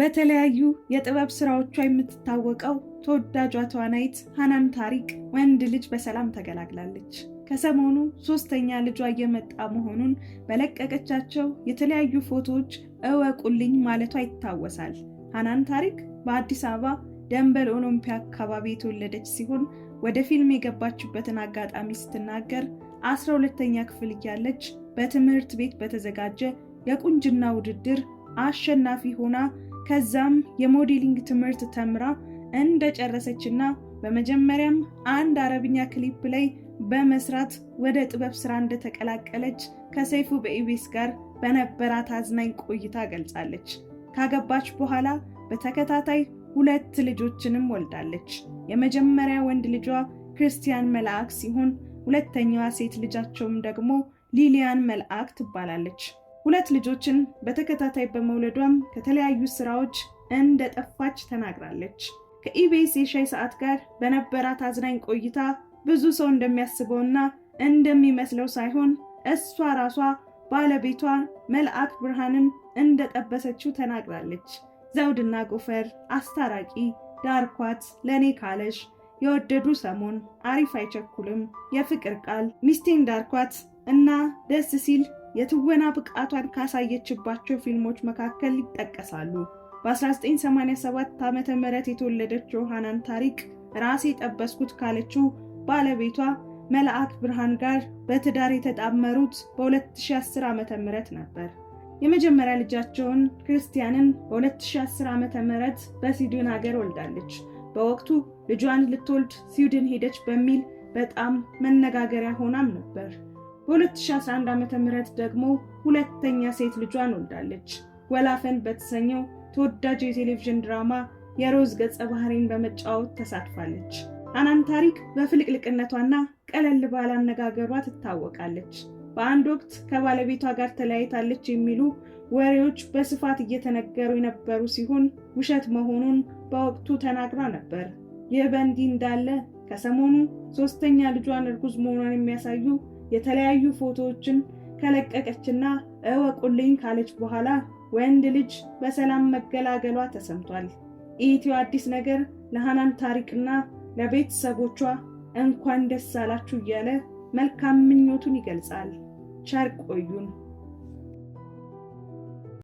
በተለያዩ የጥበብ ስራዎቿ የምትታወቀው ተወዳጇ ተዋናይት ሀናን ታሪቅ ወንድ ልጅ በሰላም ተገላግላለች። ከሰሞኑ ሶስተኛ ልጇ እየመጣ መሆኑን በለቀቀቻቸው የተለያዩ ፎቶዎች እወቁልኝ ማለቷ ይታወሳል። ሀናን ታሪቅ በአዲስ አበባ ደንበል ኦሎምፒያ አካባቢ የተወለደች ሲሆን ወደ ፊልም የገባችበትን አጋጣሚ ስትናገር አስራ ሁለተኛ ክፍል እያለች በትምህርት ቤት በተዘጋጀ የቁንጅና ውድድር አሸናፊ ሆና ከዛም የሞዴሊንግ ትምህርት ተምራ እንደጨረሰችና በመጀመሪያም አንድ አረብኛ ክሊፕ ላይ በመስራት ወደ ጥበብ ስራ እንደተቀላቀለች ከሰይፉ በኢቢኤስ ጋር በነበራት አዝናኝ ቆይታ ገልጻለች። ካገባች በኋላ በተከታታይ ሁለት ልጆችንም ወልዳለች። የመጀመሪያ ወንድ ልጇ ክርስቲያን መልአክ ሲሆን ሁለተኛዋ ሴት ልጃቸውም ደግሞ ሊሊያን መልአክ ትባላለች። ሁለት ልጆችን በተከታታይ በመውለዷም ከተለያዩ ስራዎች እንደጠፋች ተናግራለች። ከኢቢኤስ የሻይ ሰዓት ጋር በነበራት አዝናኝ ቆይታ ብዙ ሰው እንደሚያስበውና እንደሚመስለው ሳይሆን እሷ ራሷ ባለቤቷ መልአክ ብርሃንን እንደጠበሰችው ተናግራለች። ዘውድና ጎፈር፣ አስታራቂ፣ ዳርኳት፣ ለእኔ ካለሽ፣ የወደዱ ሰሞን፣ አሪፍ አይቸኩልም፣ የፍቅር ቃል፣ ሚስቴን ዳርኳት እና ደስ ሲል የትወና ብቃቷን ካሳየችባቸው ፊልሞች መካከል ይጠቀሳሉ። በ1987 ዓ ም የተወለደችው ሃናን ታሪክ ራሴ ጠበስኩት ካለችው ባለቤቷ መልአክ ብርሃን ጋር በትዳር የተጣመሩት በ2010 ዓ ም ነበር። የመጀመሪያ ልጃቸውን ክርስቲያንን በ2010 ዓ ም በስዊድን ሀገር ወልዳለች። በወቅቱ ልጇን ልትወልድ ስዊድን ሄደች በሚል በጣም መነጋገሪያ ሆናም ነበር። በ2011 ዓ ም ደግሞ ሁለተኛ ሴት ልጇን ወልዳለች። ወላፈን በተሰኘው ተወዳጅ የቴሌቪዥን ድራማ የሮዝ ገጸ ባህሪን በመጫወት ተሳትፋለች። አናን ታሪክ በፍልቅልቅነቷና ቀለል ባለ አነጋገሯ ትታወቃለች። በአንድ ወቅት ከባለቤቷ ጋር ተለያይታለች የሚሉ ወሬዎች በስፋት እየተነገሩ የነበሩ ሲሆን ውሸት መሆኑን በወቅቱ ተናግራ ነበር። ይህ በእንዲህ እንዳለ ከሰሞኑ ሶስተኛ ልጇን እርጉዝ መሆኗን የሚያሳዩ የተለያዩ ፎቶዎችን ከለቀቀችና እወቁልኝ ካለች በኋላ ወንድ ልጅ በሰላም መገላገሏ ተሰምቷል። ኢትዮ አዲስ ነገር ለሃናን ታሪክና ለቤተሰቦቿ እንኳን ደስ አላችሁ እያለ መልካም ምኞቱን ይገልጻል። ቸር ቆዩን።